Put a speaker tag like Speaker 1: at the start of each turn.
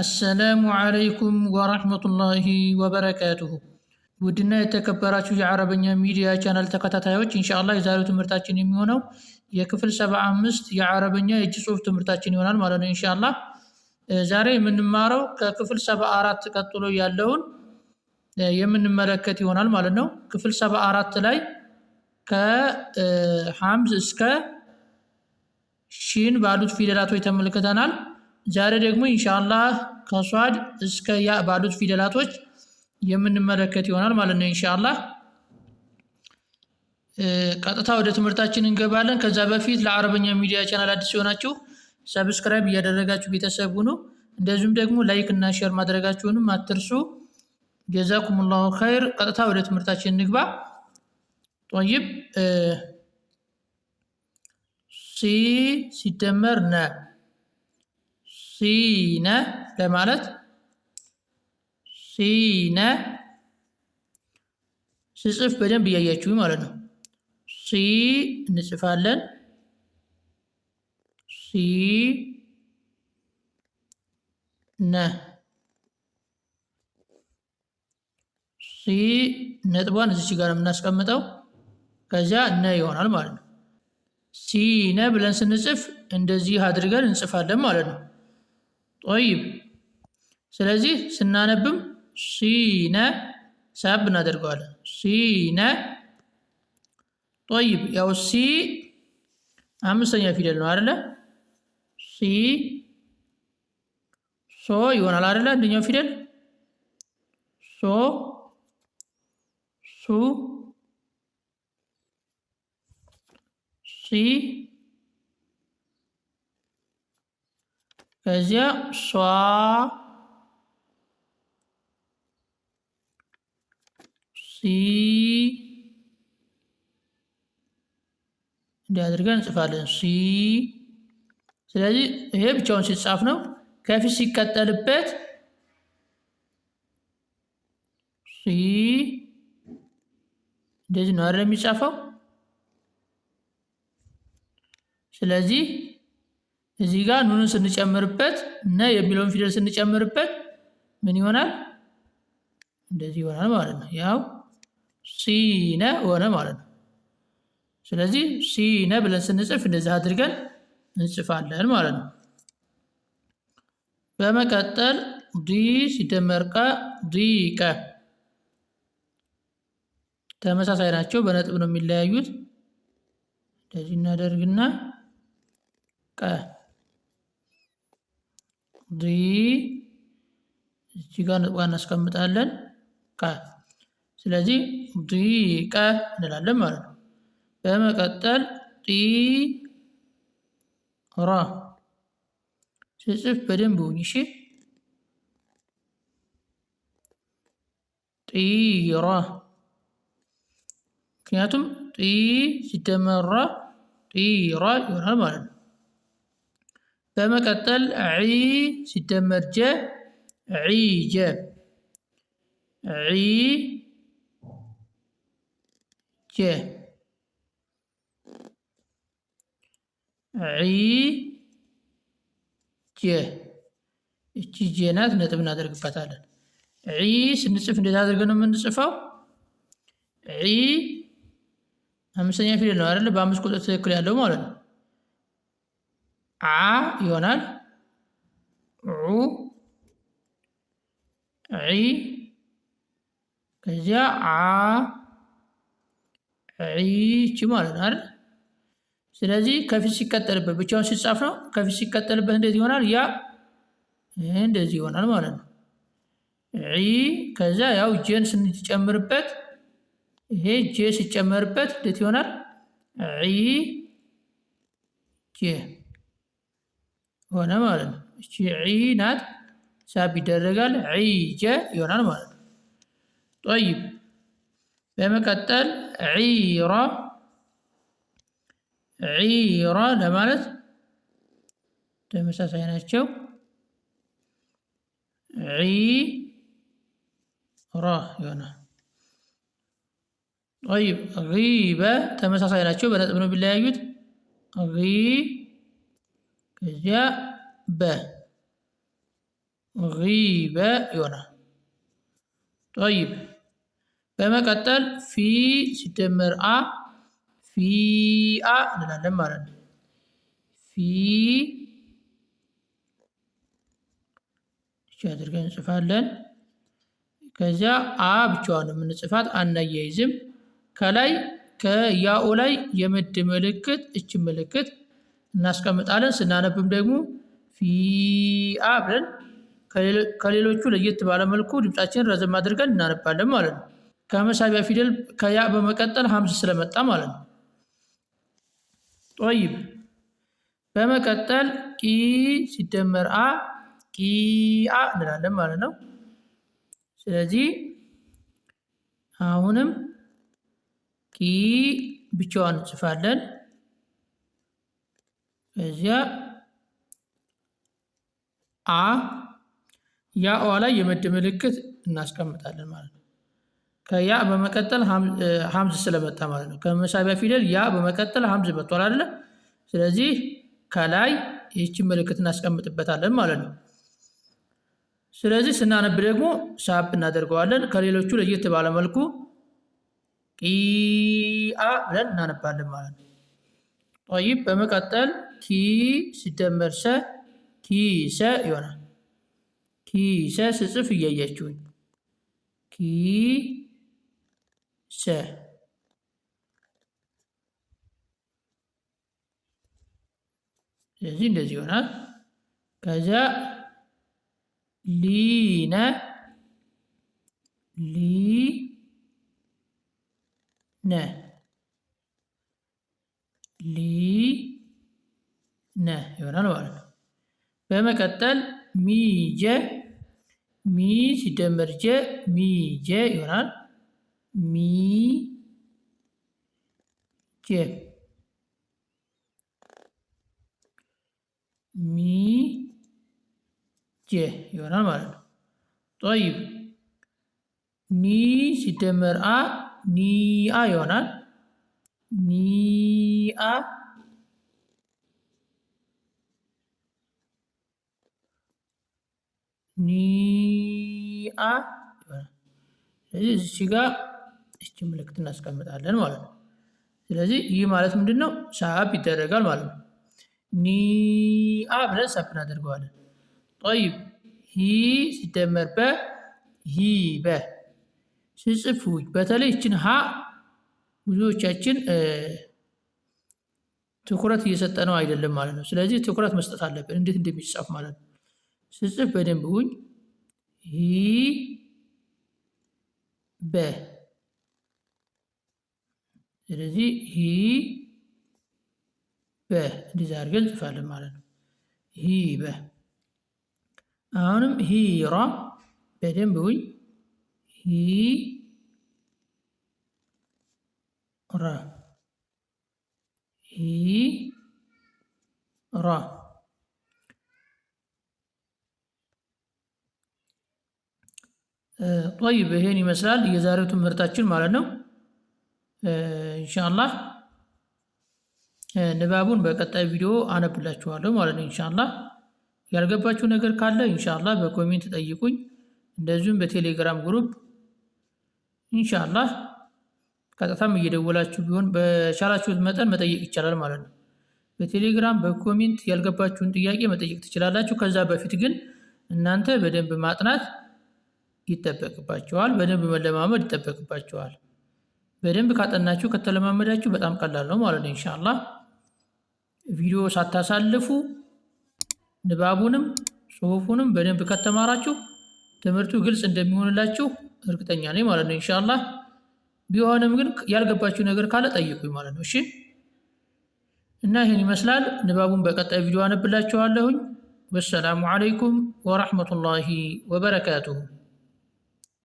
Speaker 1: አሰላሙ አለይኩም ወራህመቱላሂ ወበረካቱሁ። ውድና የተከበራችሁ የአረበኛ ሚዲያ ቻናል ተከታታዮች እንሻላ የዛሬው ትምህርታችን የሚሆነው የክፍል ሰባ አምስት የአረበኛ የእጅ ጽሑፍ ትምህርታችን ይሆናል ማለት ነው። እንሻላ። ዛሬ የምንማረው ከክፍል ሰባ አራት ቀጥሎ ያለውን የምንመለከት ይሆናል ማለት ነው። ክፍል ሰባ አራት ላይ ከሐምዝ እስከ ሺን ባሉት ፊደላቶች ተመልክተናል። ዛሬ ደግሞ ኢንሻአላህ ከሷድ እስከ ያ ባሉት ፊደላቶች የምንመለከት ይሆናል ማለት ነው። ኢንሻአላህ ቀጥታ ወደ ትምህርታችን እንገባለን። ከዛ በፊት ለአረበኛ ሚዲያ ቻናል አዲስ የሆናችሁ ሰብስክራይብ እያደረጋችሁ ቤተሰብ ሁኑ። እንደዚሁም ደግሞ ላይክ እና ሼር ማድረጋችሁንም አትርሱ። ጀዛኩሙላሁ ኸይር። ቀጥታ ወደ ትምህርታችን እንግባ። ጦይብ ሲ ሲደመር ነ ሲነ ለማለት ሲነ ስጽፍ በደንብ እያያችሁ ማለት ነው። ሲ እንጽፋለን። ሲ ነ ሲ ነጥቧን እዚች ጋር ነው የምናስቀምጠው። ከዚያ ነ ይሆናል ማለት ነው። ሲነ ብለን ስንጽፍ እንደዚህ አድርገን እንጽፋለን ማለት ነው። ጦይብ። ስለዚህ ስናነብም ሲነ ሳብ እናደርገዋለን። ሲነ ጦይብ። ያው ሲ አምስተኛ ፊደል ነው አይደለ? ሲ ሶ ይሆናል አይደለ? አንደኛው ፊደል ሶ ሱ ሲ ከዚያ ሷ ሲ እንዲህ አድርገን እንጽፋለን። ሲ ስለዚህ ይሄ ብቻውን ሲጻፍ ነው። ከፊት ሲቀጠልበት ሲ እንደዚህ ነው አይደል የሚጻፈው። ስለዚህ እዚህ ጋር ኑን ስንጨምርበት ነ የሚለውን ፊደል ስንጨምርበት ምን ይሆናል? እንደዚህ ይሆናል ማለት ነው። ያው ሲነ ሆነ ማለት ነው። ስለዚህ ሲነ ብለን ስንጽፍ እንደዚህ አድርገን እንጽፋለን ማለት ነው። በመቀጠል ዲ ሲደመር ዲቀ ተመሳሳይ ናቸው። በነጥብ ነው የሚለያዩት። እንደዚህ እናደርግና ቀ እዚህ ጋር ነጥብ እናስቀምጣለን። ቃ ስለዚህ ዲቀ እንላለን ማለት ነው። በመቀጠል ጢራ ስጽፍ በደንብ ሁኝ እሺ። ጢራ ምክንያቱም ጢ ሲደመራ ጢራ ይሆናል ማለት ነው። በመቀጠል ዒ ሲደመር ጀ ዒጀ ዒጀ ዒጀ እቺ ጄ ናት። ነጥብ እናደርግበታለን። ዒ ስንጽፍ እንዴት አድርገን ነው የምንጽፈው? ዒ አምስተኛ ፊደል ነው አይደለ? በአምስት ቁጥር ትክክል ያለው ማለት ነው። አ ይሆናል። ዑ ዒ ከዚያ አ ዒች ማለት ነው። ስለዚህ ከፊት ሲቀጠልበት ብቻውን ሲጻፍ ነው። ከፊት ሲቀጠልበት እንደዚህ ይሆናል። ያ እንደዚህ ይሆናል ማለት ነው። ዒ ከዛ ያው ጄን ስንጨምርበት ይሄ ጄ ሲጨመርበት እንዴት ይሆናል? ዒ ጄ ሆነ ማለት ነው። እቺ ዒ ናት ሳብ ይደረጋል ዒጀ ይሆናል ማለት ነው። ጠይብ በመቀጠል ዒራ ዒራ ለማለት ተመሳሳይ ናቸው። ዒራ ይሆናል። ጠይብ ጊበ ተመሳሳይ ናቸው። በነጥብ ነው የሚለያዩት። ጊ ከዚያ በ ሪበ ይሆናል። ጠይብ በመቀጠል ፊ ሲደመር አ ፊአ እንላለን ማለት ነው። ፊ አድርገን እንጽፋለን። ከዚያ አ ብቻዋን የምንጽፋት አናያይዝም። ከላይ ከያኡ ላይ የምድ ምልክት እች ምልክት እናስቀምጣለን። ስናነብም ደግሞ ፊአ ብለን ከሌሎቹ ለየት ባለመልኩ ድምፃችንን ረዘም አድርገን እናነባለን ማለት ነው። ከመሳቢያ ፊደል ከያ በመቀጠል ሀምስ ስለመጣ ማለት ነው። ጦይብ በመቀጠል ቂ ሲደመር አ ቂአ እንላለን ማለት ነው። ስለዚህ አሁንም ቂ ብቻዋን እንጽፋለን። ከዚያ አ ያ ኦ ላይ የመድ ምልክት እናስቀምጣለን ማለት ነው። ከያ በመቀጠል ሀምዝ ስለመጣ ማለት ነው። ከመሳቢያ ፊደል ያ በመቀጠል ሀምዝ መጥቷል አይደለ? ስለዚህ ከላይ ይህችን ምልክት እናስቀምጥበታለን ማለት ነው። ስለዚህ ስናነብ ደግሞ ሳብ እናደርገዋለን። ከሌሎቹ ለየት ባለ መልኩ ቂአ ብለን እናነባለን ማለት ነው። ጠይብ በመቀጠል ኪ ሲደመር ሰ ኪሰ ይሆናል። ኪሰ ስጽፍ እያያችሁኝ ኪሰ ስለዚህ እንደዚህ ይሆናል። ከዚያ ሊነ ሊነ ነ ይሆናል ማለት ነው። በመቀጠል ሚጀ ሚ ሲደመር ጀ ሚጀ ይሆናል። ሚ ጀ ሚ ጀ ይሆናል ማለት ነው። ጠይብ ኒ ሲደመር አ ኒአ ይሆናል። ኒአ ኒአ ይሆናል። ስለዚህ እዚህ ጋ እቺ ምልክት እናስቀምጣለን ማለት ነው። ስለዚህ ይህ ማለት ምንድን ነው? ሳብ ይደረጋል ማለት ነው። ኒአ ብለን ሳብ እናደርገዋለን። ጠይብ ሂ ሲደመር በ ሂ በ ሲጽፉ በተለይ እችን ሀ ብዙዎቻችን ትኩረት እየሰጠነው አይደለም ማለት ነው። ስለዚህ ትኩረት መስጠት አለብን እንዴት እንደሚጻፍ ማለት ነው። ስጽፍ በደንብ ሁኝ ሂ በ ስለዚህ ሂ በ እንዲዛ አድርገን እንጽፋለን ማለት ነው። ሂ በ አሁንም ሂራ በደንብ ሁኝ ሂ ራ ሂ ራ ጦይብ ይሄን ይመስላል የዛሬው ትምህርታችን ማለት ነው። ኢንሻአላህ ንባቡን በቀጣይ ቪዲዮ አነብላችኋለሁ ማለት ነው። ኢንሻአላህ ያልገባችሁ ነገር ካለ ኢንሻአላህ በኮሜንት ጠይቁኝ፣ እንደዚሁም በቴሌግራም ግሩፕ ኢንሻአላህ ቀጥታም እየደወላችሁ ቢሆን በቻላችሁት መጠን መጠየቅ ይቻላል ማለት ነው። በቴሌግራም በኮሜንት ያልገባችሁን ጥያቄ መጠየቅ ትችላላችሁ። ከዛ በፊት ግን እናንተ በደንብ ማጥናት ይጠበቅባቸዋል። በደንብ መለማመድ ይጠበቅባቸዋል። በደንብ ካጠናችሁ ከተለማመዳችሁ በጣም ቀላል ነው ማለት ነው። እንሻላ ቪዲዮ ሳታሳልፉ ንባቡንም ጽሁፉንም በደንብ ከተማራችሁ ትምህርቱ ግልጽ እንደሚሆንላችሁ እርግጠኛ ነኝ ማለት ነው። እንሻላ ቢሆንም ግን ያልገባችሁ ነገር ካለ ጠይቁኝ ማለት ነው። እሺ እና ይህን ይመስላል። ንባቡን በቀጣይ ቪዲዮ አነብላችኋለሁኝ። ወሰላሙ አለይኩም ወረሕመቱላሂ ወበረካቱሁ።